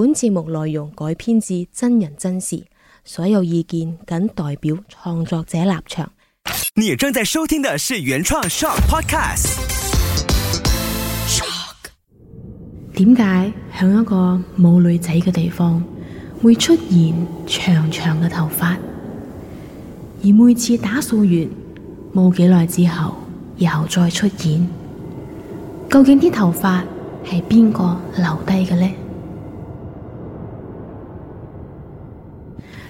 本節目內容改編至真人真事，所有意見僅代表創作者立場。你正在收聽的是原創 Shock Podcast。Shock 點解響一個冇女仔嘅地方會出現長長嘅頭髮？而每次打掃完冇幾耐之後，又再出現，究竟啲頭髮係邊個留低嘅呢？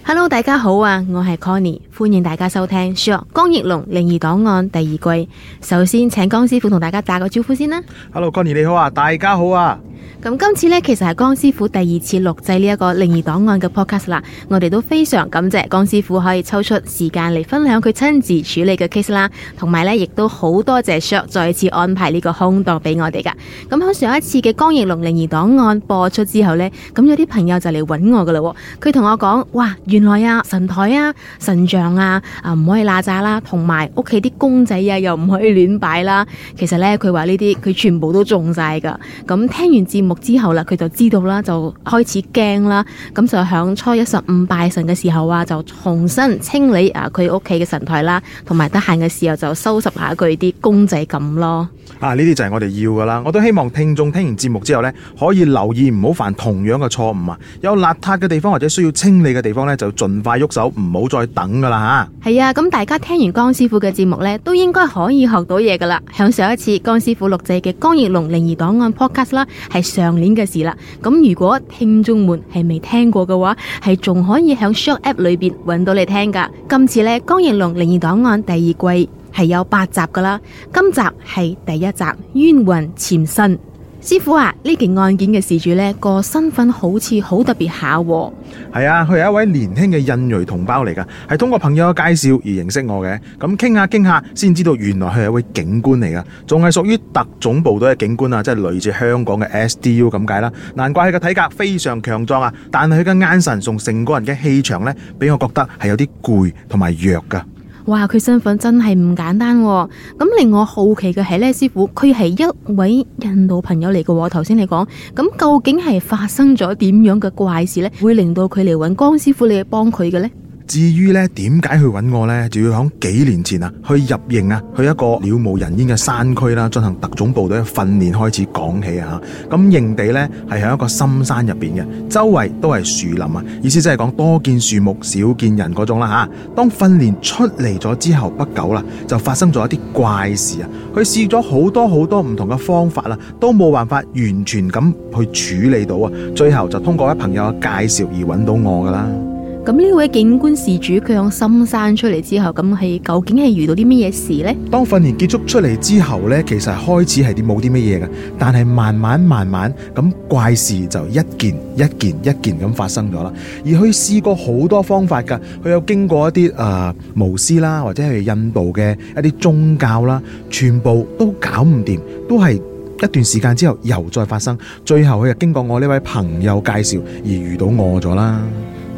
Hello，大家好啊，我係 Connie，歡迎大家收聽《Short 江奕龍靈異檔案》第二季。首先，請江師傅同大家打個招呼先啦。Hello，Connie 你好啊，大家好啊。咁今次咧，其實係江師傅第二次錄製呢一個靈異檔案嘅 podcast 啦。我哋都非常感謝江師傅可以抽出時間嚟分享佢親自處理嘅 case 啦，同埋呢亦都好多謝 short 再次安排呢個空檔俾我哋噶。咁喺上一次嘅江奕龍靈異檔案播出之後呢，咁有啲朋友就嚟揾我噶啦，佢同我講：哇，原來啊神台啊神像啊啊唔可以邋遢啦，同埋屋企啲公仔啊又唔可以亂擺啦。其實呢，佢話呢啲佢全部都中晒噶。咁聽完節目。之後啦，佢就知道啦，就開始驚啦。咁就響初一十五拜神嘅時候啊，就重新清理啊佢屋企嘅神台啦，同埋得閒嘅時候就收拾下佢啲公仔咁咯。啊，呢啲就係我哋要噶啦。我都希望聽眾聽完節目之後呢，可以留意唔好犯同樣嘅錯誤啊。有邋遢嘅地方或者需要清理嘅地方呢，就盡快喐手，唔好再等噶啦吓，係啊，咁、嗯、大家聽完江師傅嘅節目呢，都應該可以學到嘢噶啦。響上一次江師傅錄製嘅《江奕龍靈異檔案》podcast 啦，係。上年嘅事啦，咁如果聽眾們係未聽過嘅話，係仲可以喺 Shop App 裏面搵到你聽噶。今次呢，江奕龍《靈異檔案》第二季係有八集噶啦，今集係第一集《冤魂纏身》。師傅啊，呢件案件嘅事主呢個身份好似好特別下。係啊，佢係一位年輕嘅印裔同胞嚟噶，係通過朋友嘅介紹而認識我嘅。咁傾下傾下，先知道原來佢係一位警官嚟噶，仲係屬於特種部隊嘅警官啊，即係類似香港嘅 SDU 咁解啦。難怪佢嘅體格非常強壯啊，但係佢嘅眼神同成個人嘅氣場呢，俾我覺得係有啲攰同埋弱噶。哇，佢身份真係唔簡單喎、哦！咁、嗯、令我好奇嘅係呢，師傅佢係一位印度朋友嚟嘅喎。頭先你講，咁、嗯、究竟係發生咗點樣嘅怪事呢？會令到佢嚟揾江師傅你幫佢嘅呢？至於咧，點解去揾我呢？就要喺幾年前啊，去入營啊，去一個了無人煙嘅山區啦、啊，進行特種部隊嘅訓練開始講起啊。咁、啊、營地呢，係喺一個深山入邊嘅，周圍都係樹林啊，意思即係講多見樹木少見人嗰種啦、啊、吓、啊。當訓練出嚟咗之後不久啦，就發生咗一啲怪事啊。佢試咗好多好多唔同嘅方法啦、啊，都冇辦法完全咁去處理到啊。最後就通過一朋友嘅介紹而揾到我噶啦、啊。咁呢位警官事主，佢喺深山出嚟之後，咁係究竟係遇到啲乜嘢事呢？當訓練結束出嚟之後呢，其實開始係冇啲乜嘢噶，但係慢慢慢慢咁怪事就一件一件一件咁發生咗啦。而佢試過好多方法噶，佢有經過一啲誒、呃、巫師啦，或者係印度嘅一啲宗教啦，全部都搞唔掂，都係一段時間之後又再發生。最後佢又經過我呢位朋友介紹而遇到我咗啦。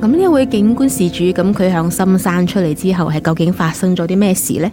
咁呢位警官事主，咁佢向深山出嚟之後，係究竟發生咗啲咩事咧？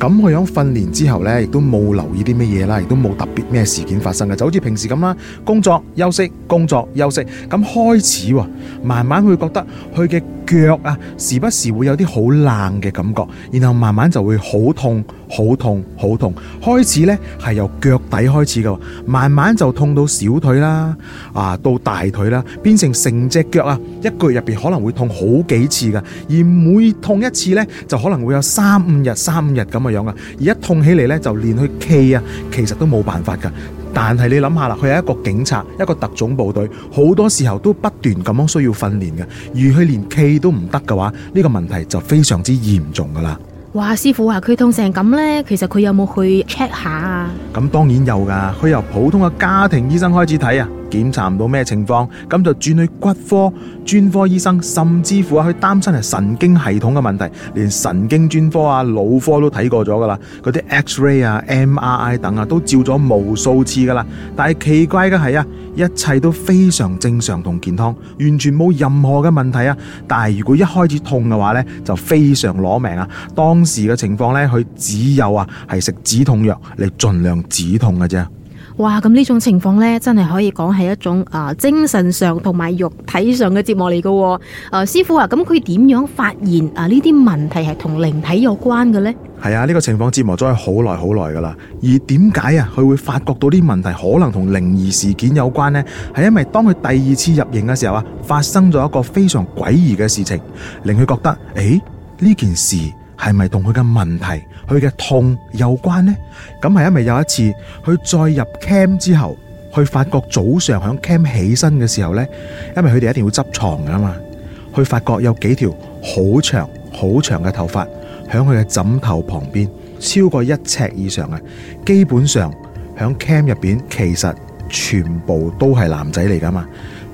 咁佢樣訓練之後咧，亦都冇留意啲乜嘢啦，亦都冇特別咩事件發生嘅，就好似平時咁啦，工作休息、工作休息。咁開始慢慢會覺得佢嘅腳啊，時不時會有啲好冷嘅感覺，然後慢慢就會好痛好痛好痛。開始咧係由腳底開始嘅，慢慢就痛到小腿啦，啊到大腿啦，變成成隻腳啊，一個月入邊可能會痛好幾次噶，而每痛一次咧，就可能會有三五日三五日咁啊。樣噶，而一痛起嚟咧，就連去企啊，其實都冇辦法噶。但係你諗下啦，佢係一個警察，一個特種部隊，好多時候都不斷咁樣需要訓練嘅。如佢連企都唔得嘅話，呢個問題就非常之嚴重噶啦。哇，師傅話佢痛成咁咧，其實佢有冇去 check 下啊？咁當然有噶，佢由普通嘅家庭醫生開始睇啊。檢查唔到咩情況，咁就轉去骨科專科醫生，甚至乎啊佢擔心係神經系統嘅問題，連神經專科啊、腦科都睇過咗噶啦，嗰啲 X-ray 啊、MRI 等啊都照咗無數次噶啦。但係奇怪嘅係啊，一切都非常正常同健康，完全冇任何嘅問題啊。但係如果一開始痛嘅話呢，就非常攞命啊。當時嘅情況呢，佢只有啊係食止痛藥嚟盡量止痛嘅啫。哇，咁呢種情況呢，真係可以講係一種啊、呃、精神上同埋肉體上嘅折磨嚟噶、哦。誒、呃，師傅啊，咁佢點樣發現啊呢啲問題係同靈體有關嘅呢？係啊，呢、這個情況折磨咗佢好耐好耐噶啦。而點解啊，佢會發覺到呢啲問題可能同靈異事件有關呢？係因為當佢第二次入營嘅時候啊，發生咗一個非常詭異嘅事情，令佢覺得誒呢、欸、件事。係咪同佢嘅問題、佢嘅痛有關呢？咁係因為有一次，佢再入 cam 之後，去發覺早上響 cam 起身嘅時候呢，因為佢哋一定要執床噶嘛，去發覺有幾條好長、好長嘅頭髮響佢嘅枕頭旁邊，超過一尺以上啊！基本上響 cam 入邊，其實全部都係男仔嚟噶嘛。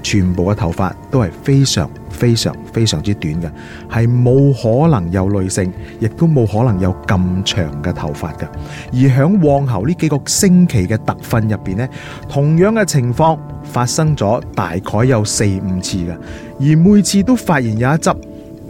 全部嘅頭髮都係非常非常非常之短嘅，係冇可能有女性，亦都冇可能有咁長嘅頭髮嘅。而響往後呢幾個星期嘅特訓入邊呢，同樣嘅情況發生咗大概有四五次嘅，而每次都發現有一執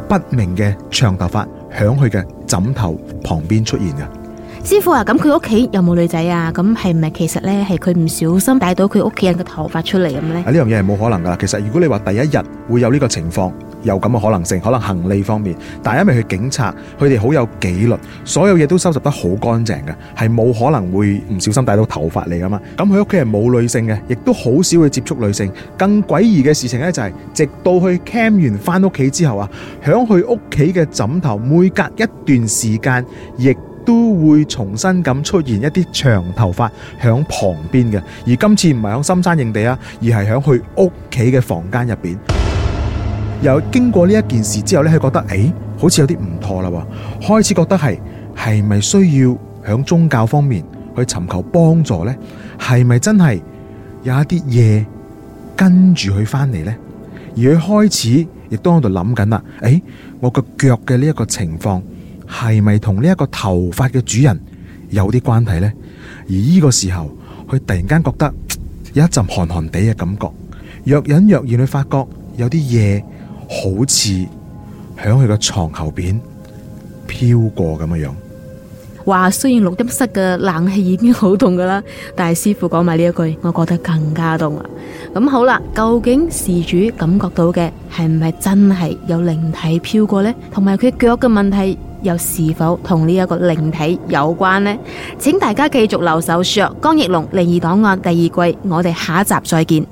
不明嘅長頭髮響佢嘅枕頭旁邊出現嘅。師傅啊，咁佢屋企有冇女仔啊？咁係唔係其實呢？係佢唔小心帶到佢屋企人嘅頭髮出嚟咁呢？呢樣嘢係冇可能噶啦。其實如果你話第一日會有呢個情況，有咁嘅可能性，可能行李方面，但係因為佢警察佢哋好有紀律，所有嘢都收拾得好乾淨嘅，係冇可能會唔小心帶到頭髮嚟噶嘛。咁佢屋企係冇女性嘅，亦都好少會接觸女性。更詭異嘅事情呢，就係、是，直到佢 camp 完翻屋企之後啊，響佢屋企嘅枕頭，每隔一段時間亦，都會重新咁出現一啲長頭髮響旁邊嘅，而今次唔係響深山營地啊，而係響去屋企嘅房間入邊。又經過呢一件事之後呢，佢覺得誒，好似有啲唔妥啦，開始覺得係係咪需要響宗教方面去尋求幫助呢？係咪真係有一啲嘢跟住佢翻嚟呢？而佢開始亦都喺度諗緊啦，誒，我個腳嘅呢一個情況。係咪同呢一個頭髮嘅主人有啲關係呢？而呢個時候，佢突然間覺得有一陣寒寒地嘅感覺，若隱若現去發覺有啲嘢好似響佢個床後邊飄過咁嘅樣。話雖然錄音室嘅冷氣已經好凍噶啦，但係師傅講埋呢一句，我覺得更加凍啦。咁好啦，究竟事主感覺到嘅係唔係真係有靈體飄過呢？同埋佢腳嘅問題。又是否同呢一個靈體有關呢？請大家繼續留守說，江奕龍靈異檔案第二季，我哋下一集再見。